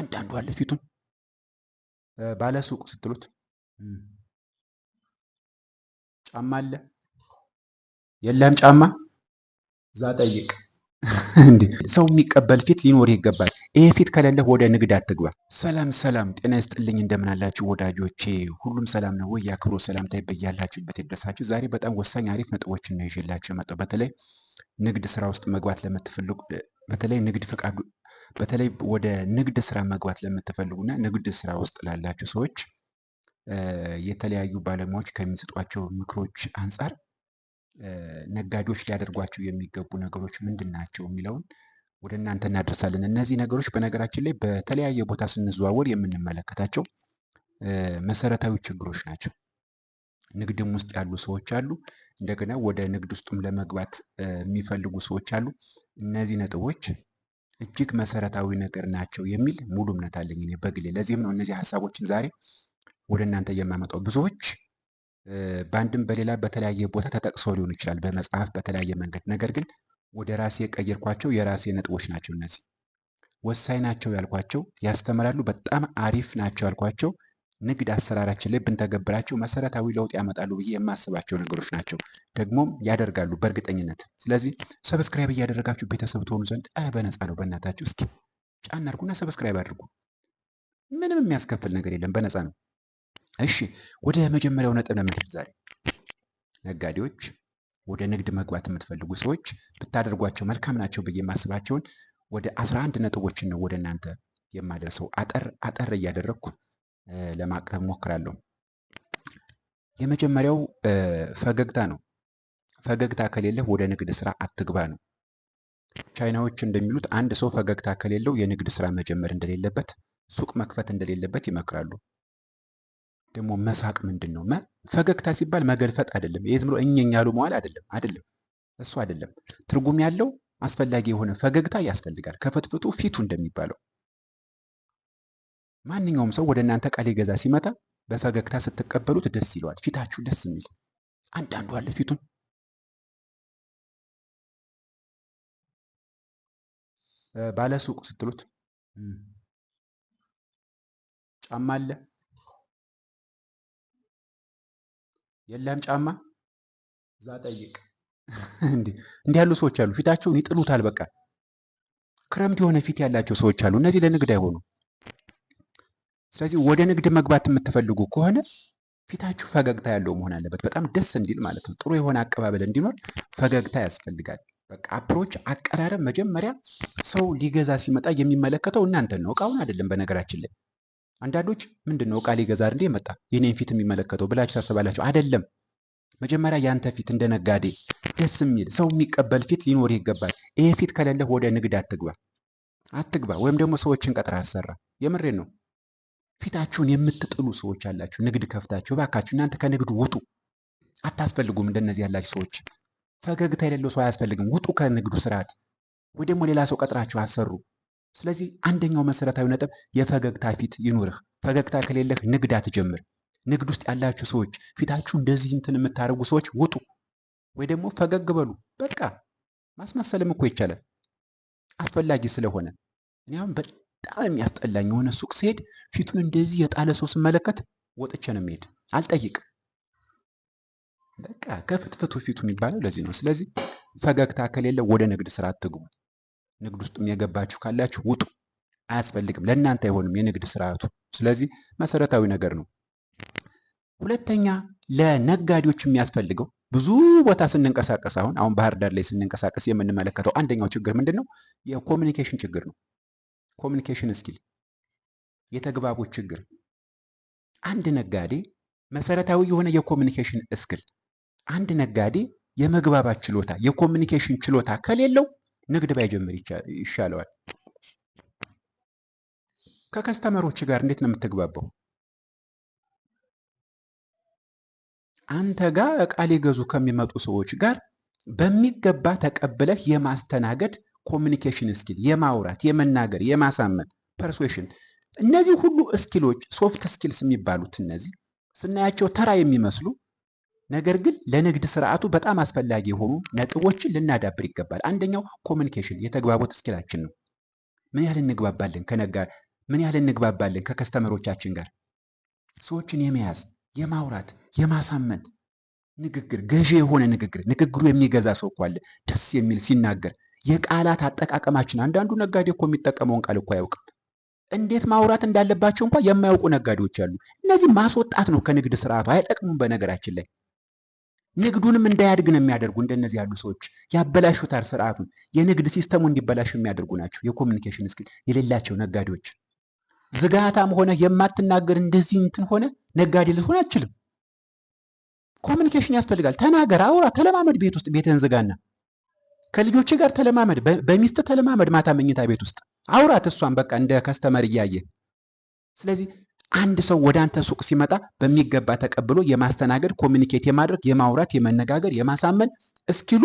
አንዳንዱ አለ ፊቱን ባለ ሱቅ ስትሉት ጫማ አለ የለም ጫማ እዛ ጠይቅ። እንዴ ሰው የሚቀበል ፊት ሊኖር ይገባል። ይሄ ፊት ከሌለህ ወደ ንግድ አትግባ። ሰላም ሰላም፣ ጤና ይስጥልኝ አላችሁ ወዳጆቼ፣ ሁሉም ሰላም ነው ወይ? የአክብሮ ሰላምታ ይበያላችሁበት ይድረሳችሁ። ዛሬ በጣም ወሳኝ አሪፍ ነጥቦችን ነው ይዤላችሁ የመጣው። በተለይ ንግድ ስራ ውስጥ መግባት ለምትፈልጉ በተለይ ንግድ ፈቃዱ በተለይ ወደ ንግድ ስራ መግባት ለምትፈልጉና ንግድ ስራ ውስጥ ላላችሁ ሰዎች የተለያዩ ባለሙያዎች ከሚሰጧቸው ምክሮች አንፃር ነጋዴዎች ሊያደርጓቸው የሚገቡ ነገሮች ምንድን ናቸው የሚለውን ወደ እናንተ እናደርሳለን። እነዚህ ነገሮች በነገራችን ላይ በተለያየ ቦታ ስንዘዋወር የምንመለከታቸው መሰረታዊ ችግሮች ናቸው። ንግድም ውስጥ ያሉ ሰዎች አሉ። እንደገና ወደ ንግድ ውስጥም ለመግባት የሚፈልጉ ሰዎች አሉ። እነዚህ ነጥቦች እጅግ መሰረታዊ ነገር ናቸው የሚል ሙሉ እምነት አለኝ እኔ በግሌ። ለዚህም ነው እነዚህ ሀሳቦችን ዛሬ ወደ እናንተ የማመጣው። ብዙዎች በአንድም በሌላ በተለያየ ቦታ ተጠቅሰው ሊሆን ይችላል፣ በመጽሐፍ በተለያየ መንገድ። ነገር ግን ወደ ራሴ የቀየርኳቸው የራሴ ነጥቦች ናቸው። እነዚህ ወሳኝ ናቸው ያልኳቸው፣ ያስተምራሉ፣ በጣም አሪፍ ናቸው ያልኳቸው ንግድ አሰራራችን ላይ ብንተገብራቸው መሰረታዊ ለውጥ ያመጣሉ ብዬ የማስባቸው ነገሮች ናቸው። ደግሞም ያደርጋሉ በእርግጠኝነት። ስለዚህ ሰብስክራይብ እያደረጋችሁ ቤተሰብ ትሆኑ ዘንድ ኧረ በነፃ ነው በእናታችሁ እስኪ ጫን አድርጉና ሰብስክራይብ አድርጉ። ምንም የሚያስከፍል ነገር የለም፣ በነፃ ነው። እሺ ወደ መጀመሪያው ነጥብ ነው የምንሄድ ዛሬ። ነጋዴዎች፣ ወደ ንግድ መግባት የምትፈልጉ ሰዎች ብታደርጓቸው መልካም ናቸው ብዬ የማስባቸውን ወደ አስራ አንድ ነጥቦችን ነው ወደ እናንተ የማደርሰው አጠር አጠር እያደረግኩ ለማቅረብ ሞክራለሁ። የመጀመሪያው ፈገግታ ነው። ፈገግታ ከሌለህ ወደ ንግድ ስራ አትግባ ነው። ቻይናዎች እንደሚሉት አንድ ሰው ፈገግታ ከሌለው የንግድ ስራ መጀመር እንደሌለበት፣ ሱቅ መክፈት እንደሌለበት ይመክራሉ። ደግሞ መሳቅ ምንድን ነው? ፈገግታ ሲባል መገልፈጥ አይደለም። ይሄ ዝም ብሎ ያሉ መዋል አይደለም፣ አይደለም፣ እሱ አይደለም። ትርጉም ያለው አስፈላጊ የሆነ ፈገግታ ያስፈልጋል። ከፍትፍቱ ፊቱ እንደሚባለው ማንኛውም ሰው ወደ እናንተ ቃል ይገዛ ሲመጣ በፈገግታ ስትቀበሉት ደስ ይለዋል። ፊታችሁ ደስ የሚል አንዳንዱ አለ ፊቱን ባለ ሱቅ ስትሉት ጫማ አለ የለም ጫማ እዛ ጠይቅ። እንዲህ ያሉ ሰዎች አሉ። ፊታቸውን ይጥሉታል። በቃ ክረምት የሆነ ፊት ያላቸው ሰዎች አሉ። እነዚህ ለንግድ አይሆኑም። ስለዚህ ወደ ንግድ መግባት የምትፈልጉ ከሆነ ፊታችሁ ፈገግታ ያለው መሆን አለበት። በጣም ደስ እንዲል ማለት ነው። ጥሩ የሆነ አቀባበል እንዲኖር ፈገግታ ያስፈልጋል። በቃ አፕሮች፣ አቀራረብ መጀመሪያ ሰው ሊገዛ ሲመጣ የሚመለከተው እናንተን ነው፣ እቃውን አይደለም። በነገራችን ላይ አንዳንዶች ምንድን ነው እቃ ሊገዛ እንዴ መጣ የኔን ፊት የሚመለከተው ብላችሁ ታስባላችሁ። አይደለም። መጀመሪያ ያንተ ፊት እንደ ነጋዴ ደስ የሚል ሰው የሚቀበል ፊት ሊኖር ይገባል። ይሄ ፊት ከሌለህ ወደ ንግድ አትግባ አትግባ። ወይም ደግሞ ሰዎችን ቀጥረህ አሰራ። የምሬን ነው። ፊታችሁን የምትጥሉ ሰዎች አላችሁ። ንግድ ከፍታችሁ ባካችሁ እናንተ ከንግዱ ውጡ። አታስፈልጉም። እንደነዚህ ያላችሁ ሰዎች ፈገግታ የሌለው ሰው አያስፈልግም። ውጡ ከንግዱ ስርዓት፣ ወይ ደግሞ ሌላ ሰው ቀጥራችሁ አሰሩ። ስለዚህ አንደኛው መሰረታዊ ነጥብ የፈገግታ ፊት ይኑርህ። ፈገግታ ከሌለህ ንግድ አትጀምር። ንግድ ውስጥ ያላችሁ ሰዎች ፊታችሁ እንደዚህ እንትን የምታደርጉ ሰዎች ውጡ፣ ወይ ደግሞ ፈገግ በሉ። በቃ ማስመሰልም እኮ ይቻላል አስፈላጊ ስለሆነ እኔ አሁን በጣም የሚያስጠላኝ የሆነ ሱቅ ስሄድ ፊቱን እንደዚህ የጣለ ሰው ስመለከት ወጥቼ ነው የሚሄድ። አልጠይቅም። በቃ ከፍትፍቱ ፊቱ የሚባለው ለዚህ ነው። ስለዚህ ፈገግታ ከሌለ ወደ ንግድ ስራ አትግቡ። ንግድ ውስጥ የገባችሁ ካላችሁ ውጡ። አያስፈልግም፣ ለእናንተ አይሆንም የንግድ ስርዓቱ። ስለዚህ መሰረታዊ ነገር ነው። ሁለተኛ ለነጋዴዎች የሚያስፈልገው ብዙ ቦታ ስንንቀሳቀስ አሁን አሁን ባህር ዳር ላይ ስንንቀሳቀስ የምንመለከተው አንደኛው ችግር ምንድን ነው? የኮሚኒኬሽን ችግር ነው። ኮሚኒኬሽን ስኪል የተግባቦት ችግር። አንድ ነጋዴ መሰረታዊ የሆነ የኮሚኒኬሽን ስኪል አንድ ነጋዴ የመግባባት ችሎታ የኮሚኒኬሽን ችሎታ ከሌለው ንግድ ባይጀምር ይሻለዋል። ከከስተመሮች ጋር እንዴት ነው የምትግባባው? አንተ ጋር እቃ ሊገዙ ከሚመጡ ሰዎች ጋር በሚገባ ተቀብለህ የማስተናገድ ኮሚኒኬሽን ስኪል፣ የማውራት የመናገር፣ የማሳመን ፐርሱዌሽን፣ እነዚህ ሁሉ እስኪሎች ሶፍት ስኪልስ የሚባሉት እነዚህ ስናያቸው ተራ የሚመስሉ ነገር ግን ለንግድ ስርዓቱ በጣም አስፈላጊ የሆኑ ነጥቦችን ልናዳብር ይገባል። አንደኛው ኮሚኒኬሽን የተግባቦት እስኪላችን ነው። ምን ያህል እንግባባለን ከነጋር፣ ምን ያህል እንግባባለን ከከስተመሮቻችን ጋር፣ ሰዎችን የመያዝ የማውራት የማሳመን ንግግር፣ ገዢ የሆነ ንግግር። ንግግሩ የሚገዛ ሰው እኮ አለ፣ ደስ የሚል ሲናገር የቃላት አጠቃቀማችን። አንዳንዱ ነጋዴ እኮ የሚጠቀመውን ቃል እኮ አያውቅም። እንዴት ማውራት እንዳለባቸው እንኳ የማያውቁ ነጋዴዎች አሉ። እነዚህ ማስወጣት ነው ከንግድ ስርዓቱ። አይጠቅሙም። በነገራችን ላይ ንግዱንም እንዳያድግ ነው የሚያደርጉ። እንደነዚህ ያሉ ሰዎች ያበላሹታል ስርዓቱን። የንግድ ሲስተሙ እንዲበላሽ የሚያደርጉ ናቸው። የኮሚኒኬሽን ስኪል የሌላቸው ነጋዴዎች። ዝጋታም ሆነ የማትናገር እንደዚህ እንትን ሆነ ነጋዴ ልትሆን አትችልም። ኮሚኒኬሽን ያስፈልጋል። ተናገር፣ አውራ፣ ተለማመድ። ቤት ውስጥ ቤትህን ዝጋና ከልጆች ጋር ተለማመድ፣ በሚስት ተለማመድ። ማታ መኝታ ቤት ውስጥ አውራት እሷን በቃ እንደ ከስተመር እያየ ስለዚህ አንድ ሰው ወደ አንተ ሱቅ ሲመጣ በሚገባ ተቀብሎ የማስተናገድ ኮሚኒኬት የማድረግ የማውራት የመነጋገር የማሳመን እስኪሉ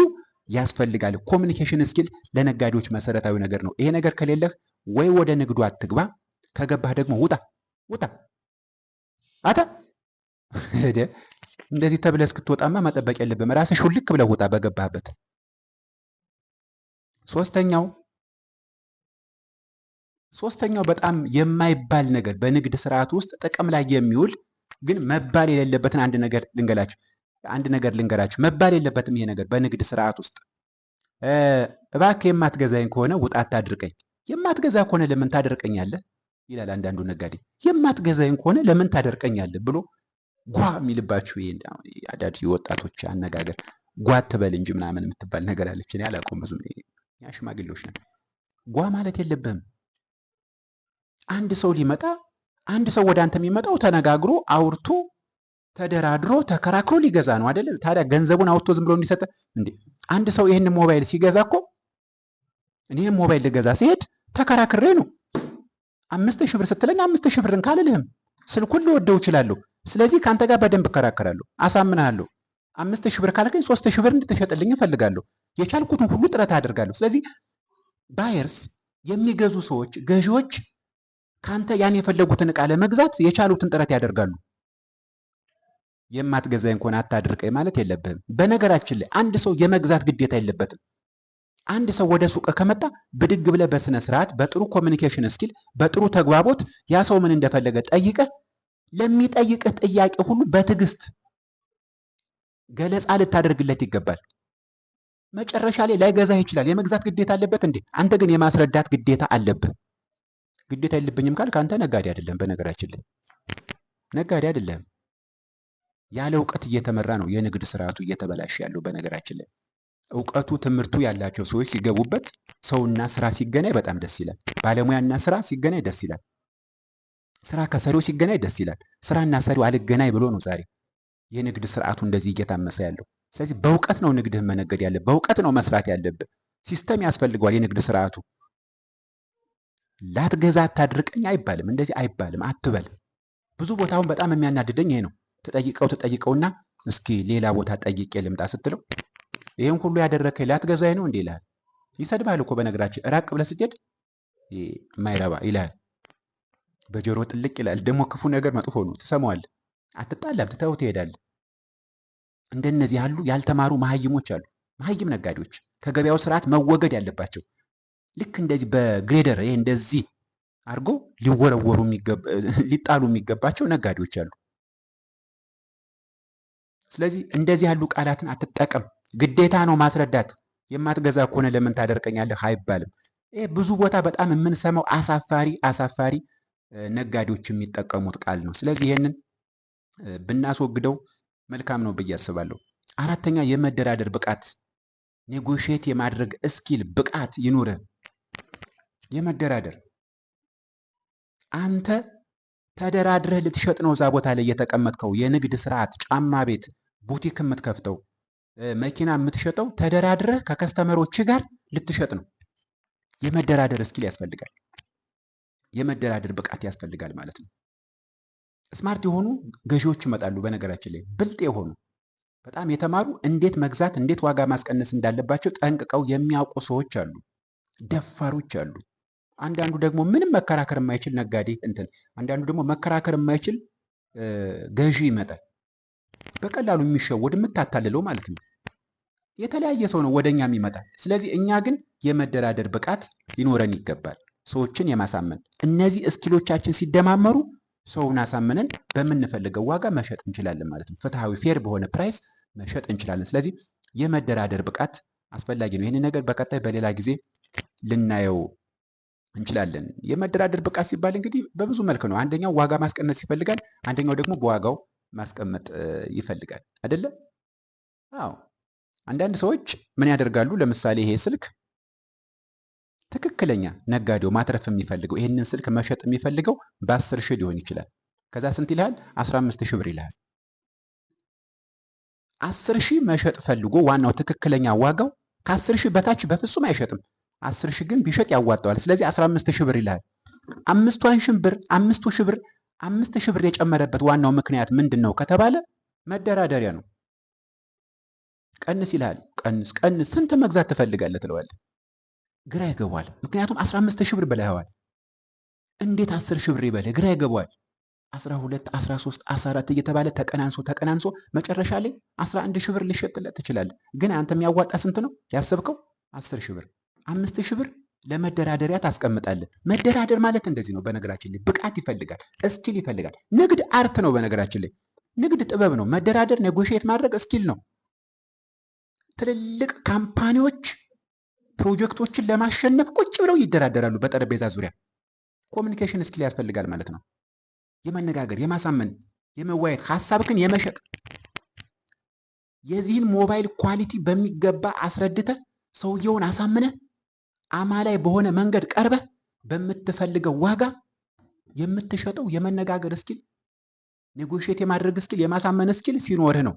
ያስፈልጋል። ኮሚኒኬሽን እስኪል ለነጋዴዎች መሰረታዊ ነገር ነው። ይሄ ነገር ከሌለህ ወይ ወደ ንግዱ አትግባ፣ ከገባህ ደግሞ ውጣ ውጣ አታ እንደዚህ ተብለህ እስክትወጣማ መጠበቅ የለብም። ራስህ ሹልክ ብለህ ውጣ በገባህበት። ሶስተኛው ሶስተኛው በጣም የማይባል ነገር በንግድ ስርዓት ውስጥ ጥቅም ላይ የሚውል ግን መባል የሌለበትን አንድ ነገር ልንገላችሁ አንድ ነገር ልንገራችሁ። መባል የለበትም ይሄ ነገር በንግድ ስርዓት ውስጥ እባክህ የማትገዛኝ ከሆነ ውጣ አታድርቀኝ። የማትገዛ ከሆነ ለምን ታደርቀኛለህ ይላል አንዳንዱ ነጋዴ። የማትገዛኝ ከሆነ ለምን ታደርቀኛለህ ብሎ ጓ የሚልባችሁ አዳድ ወጣቶች አነጋገር ጓ ትበል እንጂ ምናምን የምትባል ነገር አለች። እኔ አላውቀውም ብዙ እኛ ሽማግሌዎች ነን። ጓ ማለት የለብህም። አንድ ሰው ሊመጣ አንድ ሰው ወደ አንተ የሚመጣው ተነጋግሮ አውርቶ ተደራድሮ ተከራክሮ ሊገዛ ነው አደለ? ታዲያ ገንዘቡን አውጥቶ ዝም ብሎ እንዲሰጠ እንዴ? አንድ ሰው ይህን ሞባይል ሲገዛ እኮ እኔህም ሞባይል ልገዛ ሲሄድ ተከራክሬ ነው። አምስት ሺህ ብር ስትለኝ አምስት ሺህ ብርን ካልልህም ስልኩን ልወደው እችላለሁ። ስለዚህ ከአንተ ጋር በደንብ እከራከራለሁ፣ አሳምናለሁ። አምስት ሺህ ብር ካልከኝ ሶስት ሺህ ብር እንድትሸጥልኝ እፈልጋለሁ። የቻልኩትን ሁሉ ጥረት አደርጋለሁ። ስለዚህ ባየርስ የሚገዙ ሰዎች፣ ገዢዎች ካንተ ያን የፈለጉትን እቃ ለመግዛት የቻሉትን ጥረት ያደርጋሉ። የማትገዛ እንኳን አታድርቀኝ ማለት የለብህም። በነገራችን ላይ አንድ ሰው የመግዛት ግዴታ የለበትም። አንድ ሰው ወደ ሱቅ ከመጣ ብድግ ብለህ በስነ ስርዓት በጥሩ ኮሚኒኬሽን ስኪል በጥሩ ተግባቦት ያ ሰው ምን እንደፈለገ ጠይቀህ ለሚጠይቅህ ጥያቄ ሁሉ በትዕግስት ገለጻ ልታደርግለት ይገባል። መጨረሻ ላይ ላይገዛህ ይችላል። የመግዛት ግዴታ አለበት እንዴ? አንተ ግን የማስረዳት ግዴታ አለብህ። ግዴታ የለብኝም ካል ከአንተ ነጋዴ አይደለም። በነገራችን ላይ ነጋዴ አይደለም። ያለ እውቀት እየተመራ ነው የንግድ ስርዓቱ እየተበላሸ ያለው። በነገራችን ላይ እውቀቱ ትምህርቱ ያላቸው ሰዎች ሲገቡበት፣ ሰውና ስራ ሲገናኝ በጣም ደስ ይላል። ባለሙያና ስራ ሲገናኝ ደስ ይላል። ስራ ከሰሪው ሲገናኝ ደስ ይላል። ስራና ሰሪው አልገናኝ ብሎ ነው ዛሬ የንግድ ስርዓቱ እንደዚህ እየታመሰ ያለው። ስለዚህ በእውቀት ነው ንግድህ መነገድ ያለብህ፣ በእውቀት ነው መስራት ያለብህ። ሲስተም ያስፈልገዋል የንግድ ስርዓቱ። ላትገዛ አታድርቀኝ አይባልም፣ እንደዚህ አይባልም አትበል። ብዙ ቦታውን በጣም የሚያናድደኝ ይሄ ነው። ተጠይቀው ተጠይቀውና እስኪ ሌላ ቦታ ጠይቄ ልምጣ ስትለው ይህን ሁሉ ያደረከኝ ላትገዛኝ ነው እንዴ ይልሃል። ይሰድባል እኮ በነገራችን ራቅ ብለህ ስትሄድ ማይረባ ይልሃል። በጆሮ ጥልቅ ይላል ደግሞ ክፉ ነገር መጥፎ ነው። ትሰማዋለህ፣ አትጣላም፣ ትተው ትሄዳለህ። እንደነዚህ ያሉ ያልተማሩ መሀይሞች አሉ። መሀይም ነጋዴዎች ከገበያው ስርዓት መወገድ ያለባቸው ልክ እንደዚህ በግሬደር ይሄ እንደዚህ አድርጎ ሊወረወሩ ሊጣሉ የሚገባቸው ነጋዴዎች አሉ። ስለዚህ እንደዚህ ያሉ ቃላትን አትጠቀም። ግዴታ ነው ማስረዳት። የማትገዛ ከሆነ ለምን ታደርቀኛለህ አይባልም። ይሄ ብዙ ቦታ በጣም የምንሰማው አሳፋሪ አሳፋሪ ነጋዴዎች የሚጠቀሙት ቃል ነው። ስለዚህ ይህንን ብናስወግደው መልካም ነው ብዬ አስባለሁ። አራተኛ የመደራደር ብቃት፣ ኔጎሽት የማድረግ እስኪል ብቃት ይኑረ። የመደራደር አንተ ተደራድረህ ልትሸጥ ነው እዛ ቦታ ላይ እየተቀመጥከው የንግድ ስርዓት፣ ጫማ ቤት፣ ቡቲክ የምትከፍተው መኪና የምትሸጠው ተደራድረህ ከከስተመሮች ጋር ልትሸጥ ነው። የመደራደር እስኪል ያስፈልጋል። የመደራደር ብቃት ያስፈልጋል ማለት ነው። ስማርት የሆኑ ገዢዎች ይመጣሉ። በነገራችን ላይ ብልጥ የሆኑ በጣም የተማሩ እንዴት መግዛት፣ እንዴት ዋጋ ማስቀነስ እንዳለባቸው ጠንቅቀው የሚያውቁ ሰዎች አሉ፣ ደፋሮች አሉ። አንዳንዱ ደግሞ ምንም መከራከር የማይችል ነጋዴ እንትን፣ አንዳንዱ ደግሞ መከራከር የማይችል ገዢ ይመጣል። በቀላሉ የሚሸወድ የምታታልለው ማለት ነው። የተለያየ ሰው ነው ወደኛም እኛም ይመጣል። ስለዚህ እኛ ግን የመደራደር ብቃት ሊኖረን ይገባል፣ ሰዎችን የማሳመን እነዚህ እስኪሎቻችን ሲደማመሩ ሰውን አሳምነን በምንፈልገው ዋጋ መሸጥ እንችላለን ማለት ነው። ፍትሐዊ ፌር በሆነ ፕራይስ መሸጥ እንችላለን። ስለዚህ የመደራደር ብቃት አስፈላጊ ነው። ይህንን ነገር በቀጣይ በሌላ ጊዜ ልናየው እንችላለን። የመደራደር ብቃት ሲባል እንግዲህ በብዙ መልክ ነው። አንደኛው ዋጋ ማስቀነስ ይፈልጋል፣ አንደኛው ደግሞ በዋጋው ማስቀመጥ ይፈልጋል። አይደለ? አዎ። አንዳንድ ሰዎች ምን ያደርጋሉ? ለምሳሌ ይሄ ስልክ ትክክለኛ ነጋዴው ማትረፍ የሚፈልገው ይህንን ስልክ መሸጥ የሚፈልገው በ ሺህ ሊሆን ይችላል። ከዛ ስንት ይልሃል? 15 ሺህ ብር ይልሃል። አስር ሺህ መሸጥ ፈልጎ ዋናው ትክክለኛ ዋጋው ከ ሺህ በታች በፍጹም አይሸጥም። አስር ሺህ ግን ቢሸጥ ያዋጣዋል። ስለዚህ 15 ሺህ ብር ይልሃል። አምስቷን ሺህ ብር አምስቱ ሺህ ብር አምስት ሺህ ብር የጨመረበት ዋናው ምክንያት ምንድን ነው ከተባለ መደራደሪያ ነው። ቀንስ ይልሃል። ቀንስ ቀንስ፣ ስንት መግዛት ትፈልጋለህ ትለዋለህ ግራ ይገባዋል። ምክንያቱም 15 ሺህ ብር በላይዋል። እንዴት 10 ሺህ ብር ይበለ ግራ ይገባዋል። 12፣ 13፣ 14 እየተባለ ተቀናንሶ ተቀናንሶ መጨረሻ ላይ 11 ሺህ ብር ሊሸጥለት ትችላለህ። ግን አንተ የሚያዋጣ ስንት ነው ያሰብከው? 10 ሺህ ብር። 5 ሺህ ብር ለመደራደሪያ ታስቀምጣለህ። መደራደር ማለት እንደዚህ ነው። በነገራችን ላይ ብቃት ይፈልጋል፣ እስኪል ይፈልጋል። ንግድ አርት ነው። በነገራችን ላይ ንግድ ጥበብ ነው። መደራደር ኔጎሽየት ማድረግ እስኪል ነው። ትልልቅ ካምፓኒዎች ፕሮጀክቶችን ለማሸነፍ ቁጭ ብለው ይደራደራሉ በጠረጴዛ ዙሪያ። ኮሚኒኬሽን ስኪል ያስፈልጋል ማለት ነው። የመነጋገር፣ የማሳመን፣ የመወያየት፣ ሀሳብክን የመሸጥ የዚህን ሞባይል ኳሊቲ በሚገባ አስረድተ ሰውየውን አሳምነ አማላይ በሆነ መንገድ ቀርበ በምትፈልገው ዋጋ የምትሸጠው የመነጋገር ስኪል፣ ኔጎሽት የማድረግ ስኪል፣ የማሳመን ስኪል ሲኖርህ ነው።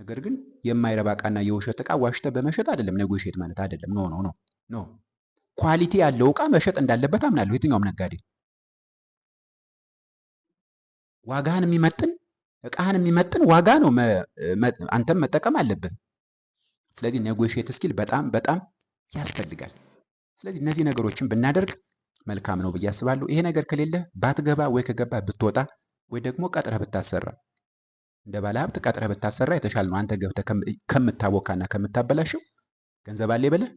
ነገር ግን የማይረባ እቃና የውሸት እቃ ዋሽተ በመሸጥ አይደለም ኔጎሽት ማለት አይደለም። ኖ ኖ ኖ ኖ ኳሊቲ ያለው እቃ መሸጥ እንዳለበት አምናለሁ። የትኛውም ነጋዴ ዋጋህን የሚመጥን እቃህን የሚመጥን ዋጋ ነው አንተም መጠቀም አለብህ። ስለዚህ ኔጎሽት ስኪል በጣም በጣም ያስፈልጋል። ስለዚህ እነዚህ ነገሮችን ብናደርግ መልካም ነው ብዬ አስባለሁ። ይሄ ነገር ከሌለ ባትገባ ወይ ከገባ ብትወጣ ወይ ደግሞ ቀጥረህ ብታሰራ እንደ ባለሀብት ቀጥረህ ብታሰራ የተሻለ ነው። አንተ ገብተህ ከምታቦካና ከምታበላሽው ገንዘብ አለ ብለህ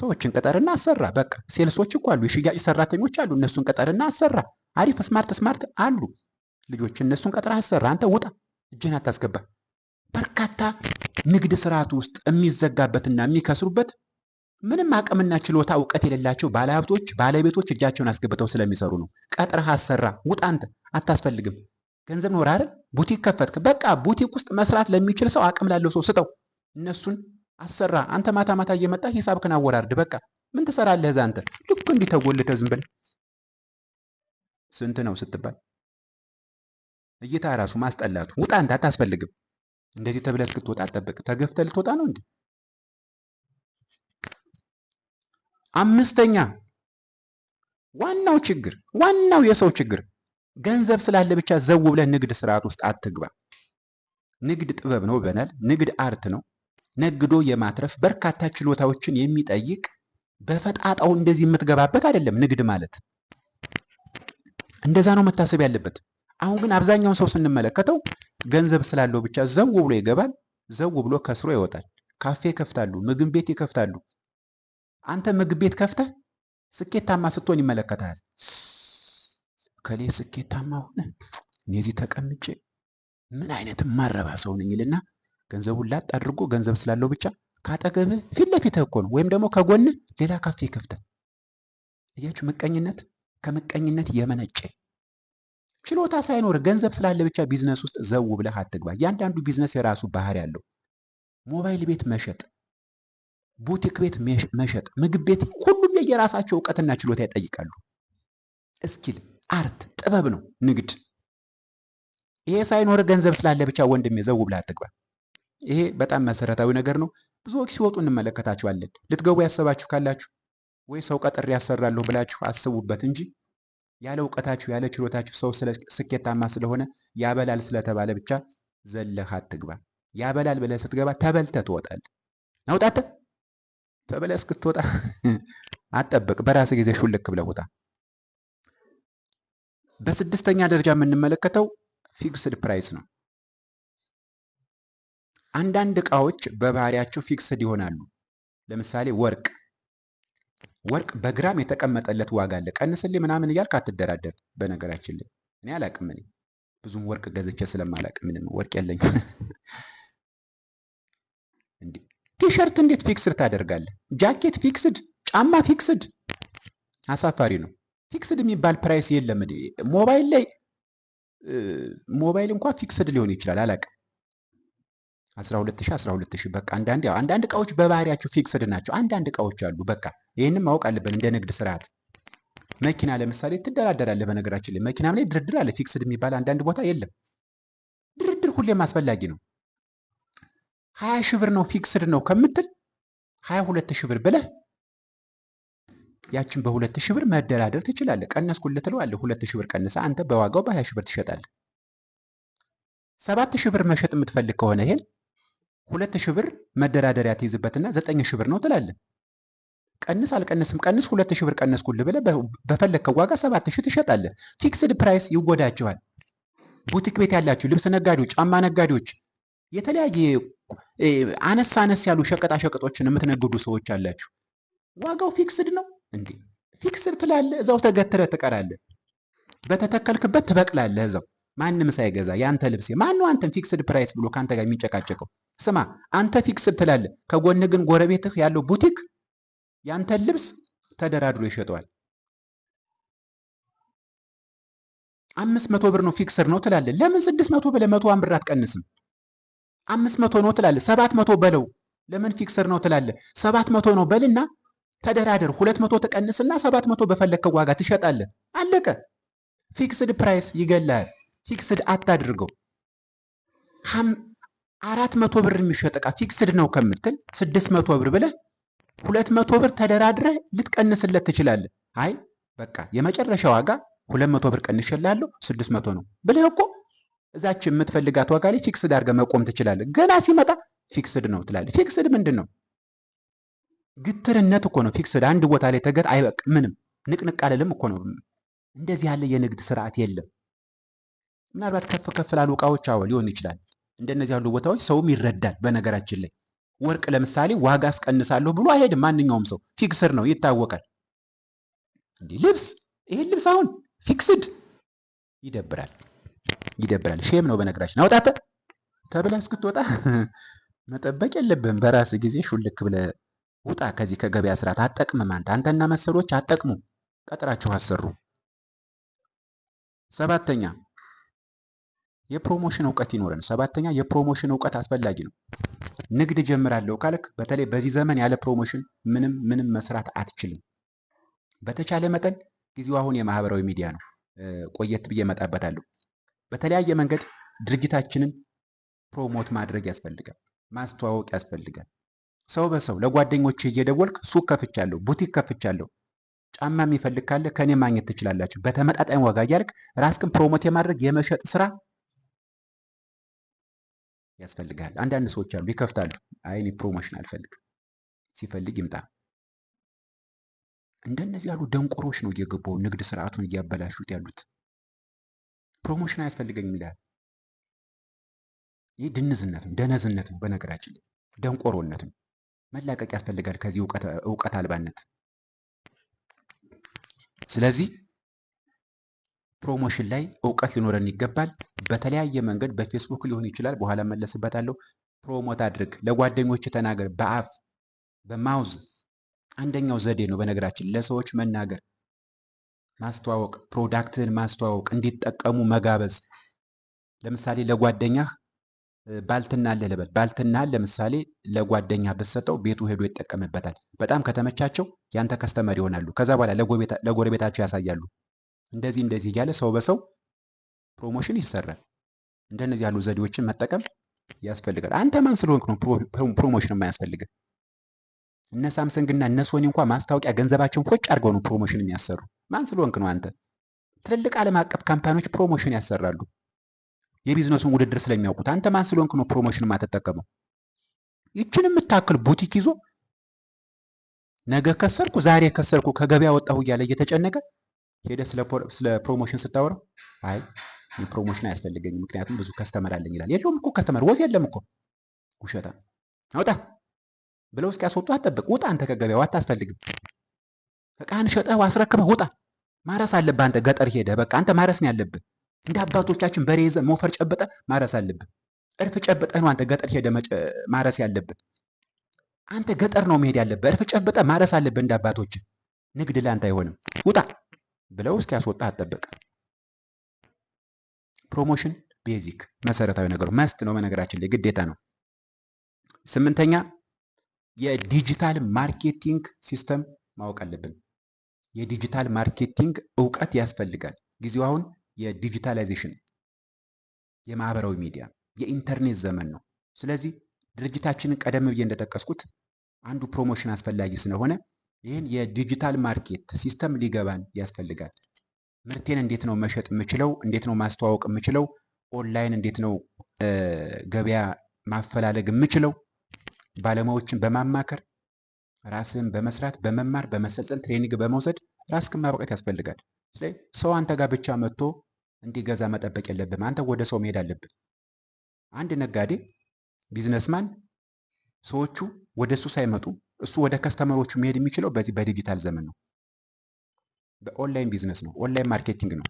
ሰዎችን ቅጠርና አሰራ። በቃ ሴልሶች እኮ አሉ፣ የሽያጭ ሰራተኞች አሉ። እነሱን ቅጠርና አሰራ። አሪፍ ስማርት ስማርት አሉ ልጆች፣ እነሱን ቀጥረህ አሰራ። አንተ ውጣ፣ እጅህን አታስገባ። በርካታ ንግድ ስርዓት ውስጥ የሚዘጋበትና የሚከስሩበት ምንም አቅምና ችሎታ እውቀት የሌላቸው ባለሀብቶች ባለቤቶች እጃቸውን አስገብተው ስለሚሰሩ ነው። ቀጥረህ አሰራ፣ ውጣ። አንተ አታስፈልግም። ገንዘብ ኖር አይደል? ቡቲክ ከፈትክ። በቃ ቡቲክ ውስጥ መስራት ለሚችል ሰው አቅም ላለው ሰው ስጠው፣ እነሱን አሰራ። አንተ ማታ ማታ እየመጣ ሂሳብክን አወራርድ። በቃ ምን ትሰራለህ እዛ? አንተ ልክ እንዲህ ተጎልተህ ዝም ብለህ ስንት ነው ስትባል እይታ ራሱ ማስጠላቱ። ውጣ እንዳት አታስፈልግም። እንደዚህ ተብለህ እስክትወጣ አጠብቅ። ተገፍተህ ልትወጣ ነው እንዴ? አምስተኛ ዋናው ችግር ዋናው የሰው ችግር ገንዘብ ስላለ ብቻ ዘው ብለህ ንግድ ስርዓት ውስጥ አትግባ። ንግድ ጥበብ ነው በናል። ንግድ አርት ነው። ነግዶ የማትረፍ በርካታ ችሎታዎችን የሚጠይቅ በፈጣጣው እንደዚህ የምትገባበት አይደለም። ንግድ ማለት እንደዛ ነው መታሰብ ያለበት። አሁን ግን አብዛኛውን ሰው ስንመለከተው ገንዘብ ስላለው ብቻ ዘው ብሎ ይገባል፣ ዘው ብሎ ከስሮ ይወጣል። ካፌ ይከፍታሉ፣ ምግብ ቤት ይከፍታሉ። አንተ ምግብ ቤት ከፍተህ ስኬታማ ስትሆን ይመለከታል። ከሌ ስኬታማ ሆነ እኔ እዚህ ተቀምጬ ምን አይነት ማረባ ሰው ነኝ ይልና ገንዘቡን ላጥ አድርጎ ገንዘብ ስላለው ብቻ ካጠገብህ ፊት ለፊትህ እኮ ነው፣ ወይም ደግሞ ከጎንህ ሌላ ካፌ ይከፍታል። እያችሁ ምቀኝነት ከምቀኝነት የመነጨ ችሎታ ሳይኖር ገንዘብ ስላለ ብቻ ቢዝነስ ውስጥ ዘው ብለህ አትግባ። እያንዳንዱ ቢዝነስ የራሱ ባህሪ አለው። ሞባይል ቤት መሸጥ፣ ቡቲክ ቤት መሸጥ፣ ምግብ ቤት፣ ሁሉም የየራሳቸው እውቀትና ችሎታ ይጠይቃሉ። እስኪል አርት ጥበብ ነው፣ ንግድ። ይሄ ሳይኖር ገንዘብ ስላለ ብቻ ወንድሜ ዘው ብለህ አትግባ። ይሄ በጣም መሰረታዊ ነገር ነው። ብዙዎች ሲወጡ እንመለከታችኋለን። ልትገቡ ያሰባችሁ ካላችሁ ወይ ሰው ቀጥሬ ያሰራለሁ ብላችሁ አስቡበት እንጂ ያለ እውቀታችሁ ያለ ችሎታችሁ ሰው ስኬታማ ስለሆነ ያበላል ስለተባለ ብቻ ዘለህ አትግባ። ያበላል ብለህ ስትገባ ተበልተህ ትወጣለህ። ናውጣተ ተበለህ እስክትወጣ አትጠብቅ። በራስህ ጊዜ ሹልክ ብለህ ውጣ። በስድስተኛ ደረጃ የምንመለከተው ፊክስድ ፕራይስ ነው። አንዳንድ እቃዎች በባህሪያቸው ፊክስድ ይሆናሉ። ለምሳሌ ወርቅ ወርቅ በግራም የተቀመጠለት ዋጋ አለ። ቀንስልኝ ምናምን እያልክ አትደራደር። በነገራችን ላይ እኔ አላቅም፣ እኔ ብዙም ወርቅ ገዝቼ ስለማላቅ ምንም ወርቅ የለኝ። ቲሸርት እንዴት ፊክስድ ታደርጋለህ? ጃኬት ፊክስድ፣ ጫማ ፊክስድ፣ አሳፋሪ ነው። ፊክስድ የሚባል ፕራይስ የለም። ሞባይል ላይ ሞባይል እንኳ ፊክስድ ሊሆን ይችላል አላውቅም። 12 በቃ አንዳንድ ያው አንዳንድ እቃዎች በባህሪያቸው ፊክስድ ናቸው። አንዳንድ እቃዎች አሉ በቃ ይህንም ማወቅ አለብን እንደ ንግድ ስርዓት። መኪና ለምሳሌ ትደራደራለህ። በነገራችን ላይ መኪናም ላይ ድርድር አለ። ፊክስድ የሚባል አንዳንድ ቦታ የለም። ድርድር ሁሌም አስፈላጊ ነው። ሀያ ሺህ ብር ነው ፊክስድ ነው ከምትል ሀያ ሁለት ሺህ ብር ብለህ ያችን በሁለት ሺህ ብር መደራደር ትችላለህ። ቀነስኩለት ትለዋለህ። ሁለት ሺህ ብር ቀንሰ አንተ በዋጋው በሀያ ሺህ ብር ትሸጣለህ። ሰባት ሺህ ብር መሸጥ የምትፈልግ ከሆነ ይሄን ሁለት ሺህ ብር መደራደሪያ ትይዝበትና ዘጠኝ ሺህ ብር ነው ትላለህ። ቀንስ አልቀንስም ቀንስ ሁለት ሺህ ብር ቀንስኩልህ ብለህ በፈለግከው ዋጋ ሰባት ሺህ ትሸጣለህ። ፊክስድ ፕራይስ ይጎዳችኋል። ቡቲክ ቤት ያላችሁ ልብስ ነጋዴዎች፣ ጫማ ነጋዴዎች፣ የተለያየ አነስ አነስ ያሉ ሸቀጣ ሸቀጦችን የምትነግዱ ሰዎች አላችሁ። ዋጋው ፊክስድ ነው። እንዴ ፊክስር ትላለ፣ እዛው ተገትረ ትቀራለ፣ በተተከልክበት ትበቅላለ እዛው ማንም ሳይገዛ የአንተ ልብስ ማነው አንተን ፊክስድ ፕራይስ ብሎ ከአንተ ጋር የሚጨቃጨቀው? ስማ አንተ ፊክስድ ትላለ ከጎን ግን ጎረቤትህ ያለው ቡቲክ የአንተን ልብስ ተደራድሮ ይሸጠዋል። አምስት መቶ ብር ነው ፊክስር ነው ትላለ ለምን ስድስት መቶ ብለህ መቶ ብር አትቀንስም? አምስት መቶ ነው ትላለ። ሰባት መቶ በለው። ለምን ፊክስር ነው ትላለ። ሰባት መቶ ነው በልና ተደራደር። ሁለት መቶ ተቀንስና ሰባት መቶ በፈለግከው ዋጋ ትሸጣለህ። አለቀ። ፊክስድ ፕራይስ ይገላል። ፊክስድ አታድርገው። አራት መቶ ብር የሚሸጥ እቃ ፊክስድ ነው ከምትል ስድስት መቶ ብር ብለህ ሁለት መቶ ብር ተደራድረህ ልትቀንስለት ትችላለህ። አይ በቃ የመጨረሻ ዋጋ ሁለት መቶ ብር ቀንሼልሃለሁ ስድስት መቶ ነው ብለህ እኮ እዛች የምትፈልጋት ዋጋ ላይ ፊክስድ አድርገህ መቆም ትችላለህ። ገና ሲመጣ ፊክስድ ነው ትላለህ። ፊክስድ ምንድን ነው? ግትርነት እኮ ነው። ፊክስድ አንድ ቦታ ላይ ተገጥ አይበቅ ምንም ንቅንቅ አለልም እኮ ነው። እንደዚህ ያለ የንግድ ስርዓት የለም። ምናልባት ከፍ ከፍ ላሉ እቃዎች አዎ ሊሆን ይችላል። እንደነዚህ ያሉ ቦታዎች ሰውም ይረዳል። በነገራችን ላይ ወርቅ ለምሳሌ ዋጋ አስቀንሳለሁ ብሎ አይሄድም። ማንኛውም ሰው ፊክስድ ነው ይታወቃል። እንዲህ ልብስ ይሄን ልብስ አሁን ፊክስድ ይደብራል፣ ይደብራል። ሼም ነው በነገራችን አውጣተ ተብለህ እስክትወጣ መጠበቅ የለብህም። በራስ ጊዜ ሹልክ ብለህ ውጣ ከዚህ ከገበያ ስርዓት አጠቅምም። አንተ አንተና መሰሎች አጠቅሙ ቀጥራችሁ አሰሩ። ሰባተኛ የፕሮሞሽን እውቀት ይኖረን። ሰባተኛ የፕሮሞሽን እውቀት አስፈላጊ ነው። ንግድ ጀምራለሁ ካልክ በተለይ በዚህ ዘመን ያለ ፕሮሞሽን ምንም ምንም መስራት አትችልም። በተቻለ መጠን ጊዜው አሁን የማህበራዊ ሚዲያ ነው። ቆየት ብዬ እመጣበታለሁ። በተለያየ መንገድ ድርጅታችንን ፕሮሞት ማድረግ ያስፈልጋል፣ ማስተዋወቅ ያስፈልጋል። ሰው በሰው ለጓደኞች እየደወልክ ሱቅ ከፍቻለሁ፣ ቡቲክ ከፍቻለሁ፣ ጫማ የሚፈልግ ካለ ከእኔ ማግኘት ትችላላችሁ በተመጣጣኝ ዋጋ እያልክ ራስክን ፕሮሞት የማድረግ የመሸጥ ስራ ያስፈልጋል። አንዳንድ ሰዎች አሉ ይከፍታሉ። አይ እኔ ፕሮሞሽን አልፈልግ፣ ሲፈልግ ይምጣ። እንደነዚህ ያሉ ደንቆሮች ነው እየገባው ንግድ ስርዓቱን እያበላሹት ያሉት። ፕሮሞሽን አያስፈልገኝም ይላል። ይህ ድንዝነት ነው፣ ደነዝነት ነው፣ በነገራችን ደንቆሮነት ነው። መላቀቅ ያስፈልጋል ከዚህ እውቀት አልባነት። ስለዚህ ፕሮሞሽን ላይ እውቀት ሊኖረን ይገባል። በተለያየ መንገድ በፌስቡክ ሊሆን ይችላል፣ በኋላ መለስበታለሁ። ፕሮሞት አድርግ፣ ለጓደኞች ተናገር። በአፍ በማውዝ አንደኛው ዘዴ ነው። በነገራችን ለሰዎች መናገር፣ ማስተዋወቅ፣ ፕሮዳክትን ማስተዋወቅ፣ እንዲጠቀሙ መጋበዝ። ለምሳሌ ለጓደኛህ ባልትና አለ ልበል። ባልትና ለምሳሌ ለጓደኛ ብትሰጠው ቤቱ ሄዶ ይጠቀምበታል። በጣም ከተመቻቸው ያንተ ከስተመር ይሆናሉ። ከዛ በኋላ ለጎረቤታቸው ያሳያሉ። እንደዚህ እንደዚህ እያለ ሰው በሰው ፕሮሞሽን ይሰራል። እንደነዚህ ያሉ ዘዴዎችን መጠቀም ያስፈልጋል። አንተ ማን ስለሆንክ ነው ፕሮሞሽን የማያስፈልግህ? እነ እና እነ ሶኒ እንኳ ማስታወቂያ ገንዘባቸውን ፎጭ አድርገው ነው ፕሮሞሽን የሚያሰሩ። ማን ስለሆንክ ነው አንተ? ትልልቅ ዓለም አቀፍ ካምፓኒዎች ፕሮሞሽን ያሰራሉ። የቢዝነሱን ውድድር ስለሚያውቁት አንተ ማን ስለሆንክ ነው ፕሮሞሽን ማትጠቀመው? ይችን የምታክል ቡቲክ ይዞ ነገ ከሰርኩ ዛሬ ከሰርኩ ከገበያ ወጣሁ እያለ እየተጨነቀ ሄደ ስለ ፕሮሞሽን ስታወራው አይ ፕሮሞሽን አያስፈልገኝም ምክንያቱም ብዙ ከስተመር አለኝ ይላል። የለውም እኮ ከስተመር ወፍ የለም እኮ ውሸታ አውጣ ብለው እስኪ ያስወጡ አትጠብቅ። ውጣ አንተ ከገበያው አታስፈልግም። እቃህን ሸጠህ አስረክበህ ውጣ። ማረስ አለብህ አንተ ገጠር ሄደህ በቃ አንተ ማረስ ነው ያለብህ። እንደ አባቶቻችን በሬ ሞፈር ጨበጠ ማረስ አለብን። እርፍ ጨበጠ ነው አንተ ገጠር ሄደ ማረስ ያለብን። አንተ ገጠር ነው መሄድ ያለብህ። እርፍ ጨበጠ ማረስ አለብህ። እንደ አባቶች ንግድ ለአንተ አይሆንም። ውጣ ብለው እስኪ ያስወጣ አጠበቅ ፕሮሞሽን ቤዚክ መሰረታዊ ነገሩ መስት ነው። በነገራችን ላይ ግዴታ ነው። ስምንተኛ የዲጂታል ማርኬቲንግ ሲስተም ማወቅ አለብን። የዲጂታል ማርኬቲንግ እውቀት ያስፈልጋል። ጊዜው አሁን የዲጂታላይዜሽን የማህበራዊ ሚዲያ የኢንተርኔት ዘመን ነው። ስለዚህ ድርጅታችንን ቀደም ብዬ እንደጠቀስኩት አንዱ ፕሮሞሽን አስፈላጊ ስለሆነ ይህን የዲጂታል ማርኬት ሲስተም ሊገባን ያስፈልጋል። ምርቴን እንዴት ነው መሸጥ የምችለው? እንዴት ነው ማስተዋወቅ የምችለው? ኦንላይን እንዴት ነው ገበያ ማፈላለግ የምችለው? ባለሙያዎችን በማማከር ራስን በመስራት በመማር በመሰልጠን ትሬኒንግ በመውሰድ ራስክን ማብቃት ያስፈልጋል። ስለዚህ ሰው አንተ ጋር ብቻ መጥቶ እንዲገዛ መጠበቅ የለብም። አንተ ወደ ሰው መሄድ አለብን። አንድ ነጋዴ ቢዝነስማን ሰዎቹ ወደ እሱ ሳይመጡ እሱ ወደ ከስተመሮቹ መሄድ የሚችለው በዚህ በዲጂታል ዘመን ነው። በኦንላይን ቢዝነስ ነው። ኦንላይን ማርኬቲንግ ነው።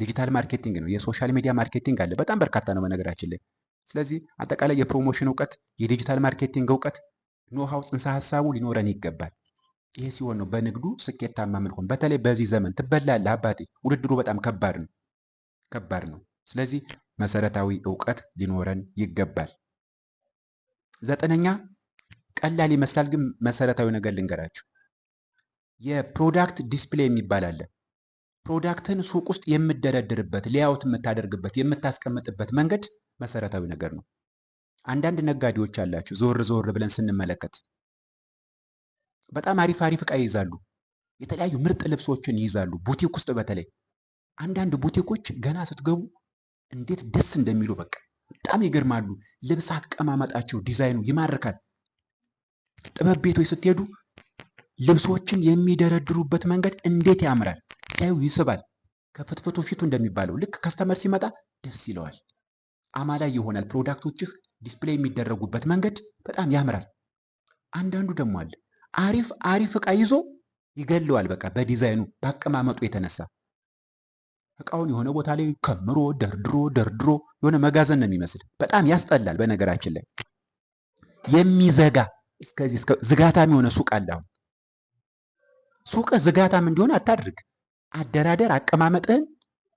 ዲጂታል ማርኬቲንግ ነው። የሶሻል ሚዲያ ማርኬቲንግ አለ። በጣም በርካታ ነው በነገራችን ላይ። ስለዚህ አጠቃላይ የፕሮሞሽን እውቀት፣ የዲጂታል ማርኬቲንግ እውቀት፣ ኖሃው፣ ጽንሰ ሀሳቡ ሊኖረን ይገባል። ይሄ ሲሆን ነው በንግዱ ስኬታማ ምንሆን። በተለይ በዚህ ዘመን ትበላለህ አባቴ፣ ውድድሩ በጣም ከባድ ነው ከባድ ነው። ስለዚህ መሰረታዊ እውቀት ሊኖረን ይገባል። ዘጠነኛ ቀላል ይመስላል ግን መሰረታዊ ነገር ልንገራችሁ። የፕሮዳክት ዲስፕሌይ የሚባል አለ። ፕሮዳክትን ሱቅ ውስጥ የምደረድርበት ሌያውት የምታደርግበት የምታስቀምጥበት መንገድ መሰረታዊ ነገር ነው። አንዳንድ ነጋዴዎች አላችሁ ዞር ዞር ብለን ስንመለከት በጣም አሪፍ አሪፍ እቃ ይይዛሉ። የተለያዩ ምርጥ ልብሶችን ይይዛሉ። ቡቲክ ውስጥ በተለይ አንዳንድ ቡቲኮች ገና ስትገቡ እንዴት ደስ እንደሚሉ በቃ በጣም ይገርማሉ። ልብስ አቀማመጣቸው፣ ዲዛይኑ ይማርካል። ጥበብ ቤቶች ስትሄዱ ልብሶችን የሚደረድሩበት መንገድ እንዴት ያምራል! ሲያዩ ይስባል። ከፍትፍቱ ፊቱ እንደሚባለው ልክ ከስተመር ሲመጣ ደስ ይለዋል፣ አማላይ ይሆናል። ፕሮዳክቶችህ ዲስፕሌይ የሚደረጉበት መንገድ በጣም ያምራል። አንዳንዱ ደግሞ አለ አሪፍ አሪፍ ዕቃ ይዞ ይገለዋል። በቃ በዲዛይኑ በአቀማመጡ የተነሳ እቃውን የሆነ ቦታ ላይ ከምሮ ደርድሮ ደርድሮ የሆነ መጋዘን ነው የሚመስል። በጣም ያስጠላል። በነገራችን ላይ የሚዘጋ እስከዚህ ዝጋታም የሆነ ሱቅ አለ። አሁን ሱቅህ ዝጋታም እንዲሆን አታድርግ። አደራደር አቀማመጥህን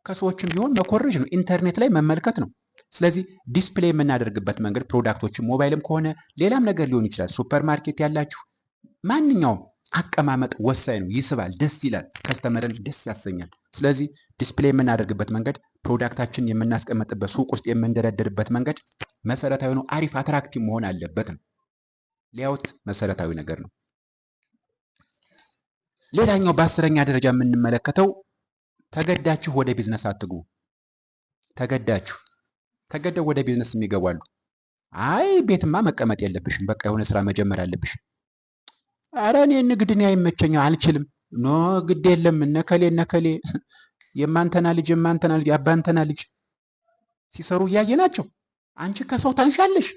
ከሰዎችም ቢሆን መኮረጅ ነው፣ ኢንተርኔት ላይ መመልከት ነው። ስለዚህ ዲስፕሌይ የምናደርግበት መንገድ ፕሮዳክቶችን ሞባይልም ከሆነ ሌላም ነገር ሊሆን ይችላል። ሱፐር ማርኬት ያላችሁ ማንኛውም አቀማመጥ ወሳኝ ነው። ይስባል፣ ደስ ይላል፣ ከስተመርን ደስ ያሰኛል። ስለዚህ ዲስፕሌይ የምናደርግበት መንገድ፣ ፕሮዳክታችን የምናስቀምጥበት፣ ሱቅ ውስጥ የምንደረደርበት መንገድ መሰረታዊ ነው። አሪፍ አትራክቲቭ መሆን አለበት ሊያውት መሰረታዊ ነገር ነው። ሌላኛው በአስረኛ ደረጃ የምንመለከተው ተገዳችሁ ወደ ቢዝነስ አትግቡ። ተገዳችሁ ተገደው ወደ ቢዝነስ የሚገባሉ። አይ ቤትማ መቀመጥ የለብሽም፣ በቃ የሆነ ስራ መጀመር አለብሽ አረ እኔ ንግድ እኔ አልችልም። ኖ ግድ የለም እነከሌ እነከሌ የማንተና ልጅ የማንተና ልጅ አባንተና ልጅ ሲሰሩ እያየ ናቸው። አንቺ ከሰው ታንሻለሽ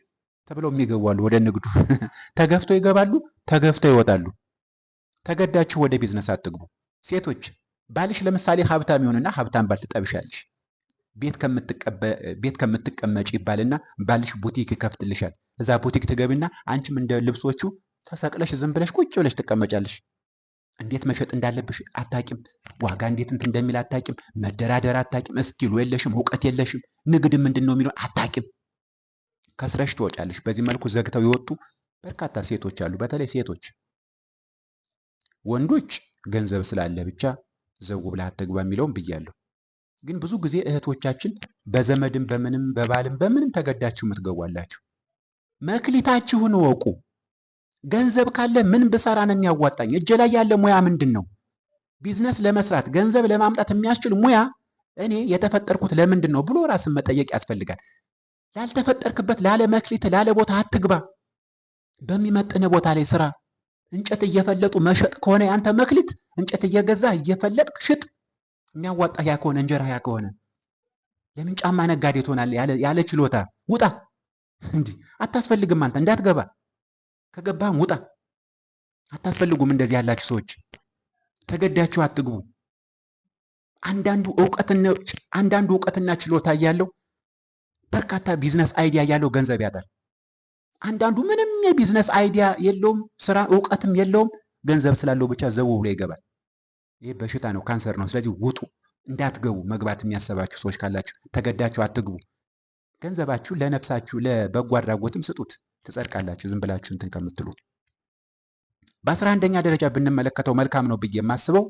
ተብለው የሚገባሉ ወደ ንግዱ ተገፍተው ይገባሉ፣ ተገፍተው ይወጣሉ። ተገዳችሁ ወደ ቢዝነስ አትግቡ። ሴቶች ባልሽ ለምሳሌ ሀብታም ይሆንና ሀብታም ባል ትጠብሻለሽ። ቤት ከምትቀመጭ ይባልና ባልሽ ቡቲክ ይከፍትልሻል። እዛ ቡቲክ ትገቢና አንቺም እንደ ልብሶቹ ተሰቅለሽ ዝም ብለሽ ቁጭ ብለሽ ትቀመጫለሽ። እንዴት መሸጥ እንዳለብሽ አታቂም። ዋጋ እንዴት እንትን እንደሚል አታቂም። መደራደር አታቂም። እስኪሉ የለሽም፣ እውቀት የለሽም። ንግድ ምንድን ነው የሚለው አታቂም። ከስረሽ ትወጫለሽ። በዚህ መልኩ ዘግተው የወጡ በርካታ ሴቶች አሉ። በተለይ ሴቶች። ወንዶች ገንዘብ ስላለ ብቻ ዘው ብለህ አትግባ የሚለውም ብያለሁ። ግን ብዙ ጊዜ እህቶቻችን በዘመድም በምንም በባልም በምንም ተገዳችሁ የምትገቧላችሁ መክሊታችሁን እወቁ። ገንዘብ ካለ ምን ብሰራ ነው የሚያዋጣኝ? እጄ ላይ ያለ ሙያ ምንድን ነው? ቢዝነስ ለመስራት ገንዘብ ለማምጣት የሚያስችል ሙያ እኔ የተፈጠርኩት ለምንድን ነው ብሎ ራስን መጠየቅ ያስፈልጋል። ላልተፈጠርክበት ላለ መክሊት ላለ ቦታ አትግባ። በሚመጥን ቦታ ላይ ስራ። እንጨት እየፈለጡ መሸጥ ከሆነ ያንተ መክሊት እንጨት እየገዛ እየፈለጥክ ሽጥ። የሚያዋጣ ያ ከሆነ እንጀራ ያ ከሆነ ለምን ጫማ ነጋዴ ትሆናለህ? ያለ ችሎታ ውጣ። እንዲህ አታስፈልግም። አንተ እንዳትገባ ከገባህም ውጣ። አታስፈልጉም እንደዚህ ያላችሁ ሰዎች፣ ተገዳችሁ አትግቡ። አንዳንዱ እውቀትና አንዳንዱ እውቀትና ችሎታ እያለው በርካታ ቢዝነስ አይዲያ ያለው ገንዘብ ያጣል። አንዳንዱ ምንም የቢዝነስ አይዲያ የለውም፣ ስራ እውቀትም የለውም። ገንዘብ ስላለው ብቻ ዘው ብሎ ይገባል። ይህ በሽታ ነው፣ ካንሰር ነው። ስለዚህ ውጡ፣ እንዳትገቡ። መግባት የሚያሰባችሁ ሰዎች ካላችሁ ተገዳችሁ አትግቡ። ገንዘባችሁ ለነፍሳችሁ ለበጎ አድራጎትም ስጡት። ትጸድቃላችሁ ዝም ብላችሁ እንትን ከምትሉ። በአስራ አንደኛ ደረጃ ብንመለከተው መልካም ነው ብዬ የማስበው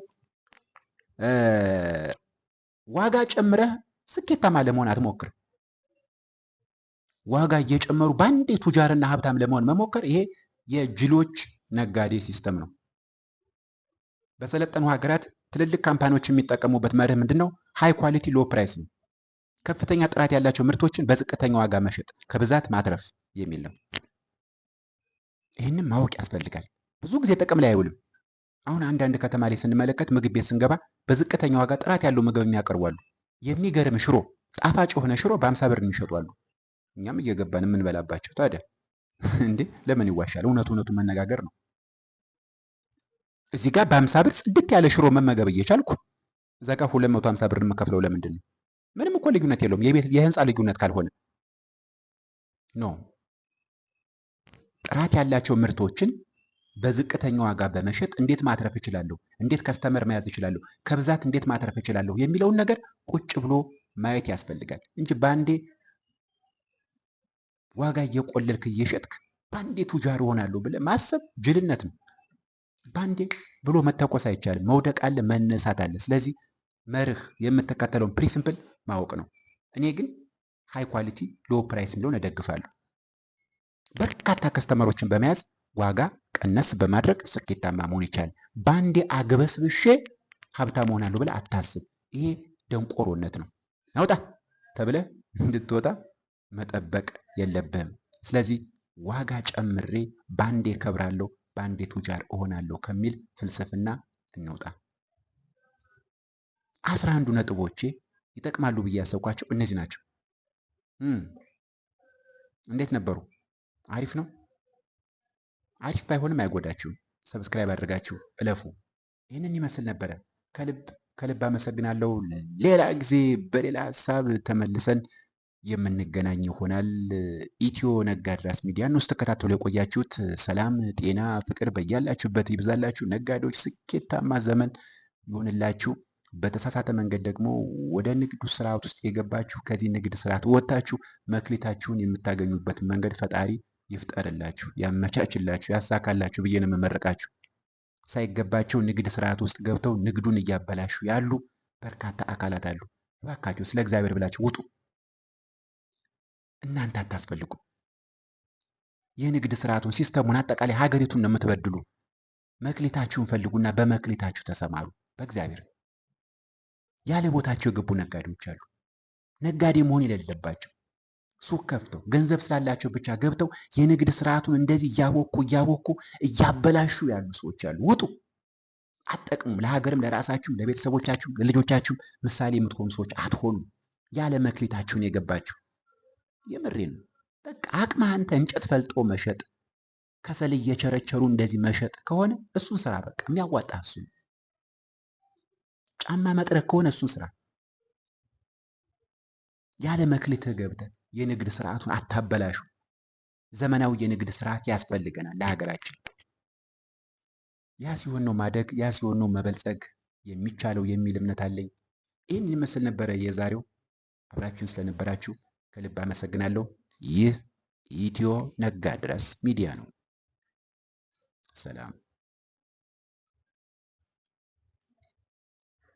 ዋጋ ጨምረህ ስኬታማ ለመሆን አትሞክር። ዋጋ እየጨመሩ በአንዴ ቱጃርና ሀብታም ለመሆን መሞከር ይሄ የጅሎች ነጋዴ ሲስተም ነው። በሰለጠኑ ሀገራት ትልልቅ ካምፓኒዎች የሚጠቀሙበት መርህ ምንድን ነው? ሃይ ኳሊቲ ሎ ፕራይስ ነው። ከፍተኛ ጥራት ያላቸው ምርቶችን በዝቅተኛ ዋጋ መሸጥ፣ ከብዛት ማትረፍ የሚል ነው። ይህንም ማወቅ ያስፈልጋል። ብዙ ጊዜ ጥቅም ላይ አይውልም። አሁን አንዳንድ ከተማ ላይ ስንመለከት ምግብ ቤት ስንገባ በዝቅተኛ ዋጋ ጥራት ያለው ምግብ የሚያቀርቧሉ። የሚገርም ሽሮ፣ ጣፋጭ የሆነ ሽሮ በአምሳ ብር የሚሸጧሉ። እኛም እየገባን የምንበላባቸው ታዲያ እንዴ ለምን ይዋሻል? እውነቱ እውነቱ መነጋገር ነው። እዚህ ጋር በአምሳ ብር ጽድት ያለ ሽሮ መመገብ እየቻልኩ እዛ ጋር ሁለት መቶ ሀምሳ ብር የምከፍለው ለምንድን ነው? ምንም እኮ ልዩነት የለውም። የህንፃ ልዩነት ካልሆነ ነው። ጥራት ያላቸው ምርቶችን በዝቅተኛ ዋጋ በመሸጥ እንዴት ማትረፍ እችላለሁ፣ እንዴት ከስተመር መያዝ እችላለሁ፣ ከብዛት እንዴት ማትረፍ እችላለሁ የሚለውን ነገር ቁጭ ብሎ ማየት ያስፈልጋል እንጂ በአንዴ ዋጋ እየቆለልክ እየሸጥክ በአንዴ ቱጃር እሆናለሁ ብለህ ማሰብ ጅልነት ነው። በአንዴ ብሎ መተኮስ አይቻልም። መውደቅ አለ፣ መነሳት አለ። ስለዚህ መርህ የምትከተለውን ፕሪንሲፕል ማወቅ ነው። እኔ ግን ሃይ ኳሊቲ ሎ ፕራይስ የሚለውን እደግፋለሁ። በርካታ ከስተመሮችን በመያዝ ዋጋ ቀነስ በማድረግ ስኬታማ መሆን ይቻላል። ባንዴ አግበስብሼ ሀብታም እሆናለሁ ብለህ አታስብ። ይሄ ደንቆሮነት ነው። ናውጣ ተብለህ እንድትወጣ መጠበቅ የለብህም። ስለዚህ ዋጋ ጨምሬ ባንዴ ከብራለሁ፣ ባንዴ ቱጃር እሆናለሁ ከሚል ፍልስፍና እንውጣ። አስራ አንዱ ነጥቦቼ ይጠቅማሉ ብዬ ያሰብኳቸው እነዚህ ናቸው። እንዴት ነበሩ? አሪፍ ነው። አሪፍ ባይሆንም አይጎዳችሁም። ሰብስክራይብ አድርጋችሁ እለፉ። ይህንን ይመስል ነበረ። ከልብ ከልብ አመሰግናለሁ። ሌላ ጊዜ በሌላ ሀሳብ ተመልሰን የምንገናኝ ይሆናል። ኢትዮ ነጋድራስ ሚዲያን ውስጥ ተከታተሉ የቆያችሁት። ሰላም፣ ጤና፣ ፍቅር በያላችሁበት ይብዛላችሁ። ነጋዴዎች ስኬታማ ዘመን ይሆንላችሁ። በተሳሳተ መንገድ ደግሞ ወደ ንግዱ ስርዓት ውስጥ የገባችሁ ከዚህ ንግድ ስርዓት ወጥታችሁ መክሊታችሁን የምታገኙበት መንገድ ፈጣሪ ይፍጠርላችሁ፣ ያመቻችላችሁ፣ ያሳካላችሁ ብዬ ነው የምመረቃችሁ። ሳይገባቸው ንግድ ስርዓት ውስጥ ገብተው ንግዱን እያበላሹ ያሉ በርካታ አካላት አሉ። እባካችሁ ስለ እግዚአብሔር ብላችሁ ውጡ። እናንተ አታስፈልጉ። የንግድ ስርዓቱን ሲስተሙን፣ አጠቃላይ ሀገሪቱን ነው የምትበድሉ። መክሊታችሁን ፈልጉና በመክሊታችሁ ተሰማሩ። በእግዚአብሔር ያለ ቦታቸው የገቡ ነጋዴዎች አሉ። ነጋዴ መሆን የሌለባቸው ሱቅ ከፍተው ገንዘብ ስላላቸው ብቻ ገብተው የንግድ ስርዓቱን እንደዚህ እያቦኩ እያቦኩ እያበላሹ ያሉ ሰዎች አሉ። ውጡ። አትጠቅሙም። ለሀገርም፣ ለራሳችሁም፣ ለቤተሰቦቻችሁም፣ ለልጆቻችሁም ምሳሌ የምትሆኑ ሰዎች አትሆኑም። ያለ መክሊታችሁን የገባችሁ የምሬ ነው። በቃ አቅምህ አንተ እንጨት ፈልጦ መሸጥ፣ ከሰል እየቸረቸሩ እንደዚህ መሸጥ ከሆነ እሱን ስራ። በቃ የሚያዋጣ እሱ ጫማ መጥረግ ከሆነ እሱን ስራ። ያለ መክሊት ገብተህ የንግድ ስርዓቱን አታበላሹ። ዘመናዊ የንግድ ስርዓት ያስፈልገናል ለሀገራችን። ያ ሲሆን ነው ማደግ፣ ያ ሲሆን ነው መበልጸግ የሚቻለው የሚል እምነት አለኝ። ይህን ይመስል ነበረ የዛሬው። አብራችሁን ስለነበራችሁ ከልብ አመሰግናለሁ። ይህ ኢትዮ ነጋ ድረስ ሚዲያ ነው። ሰላም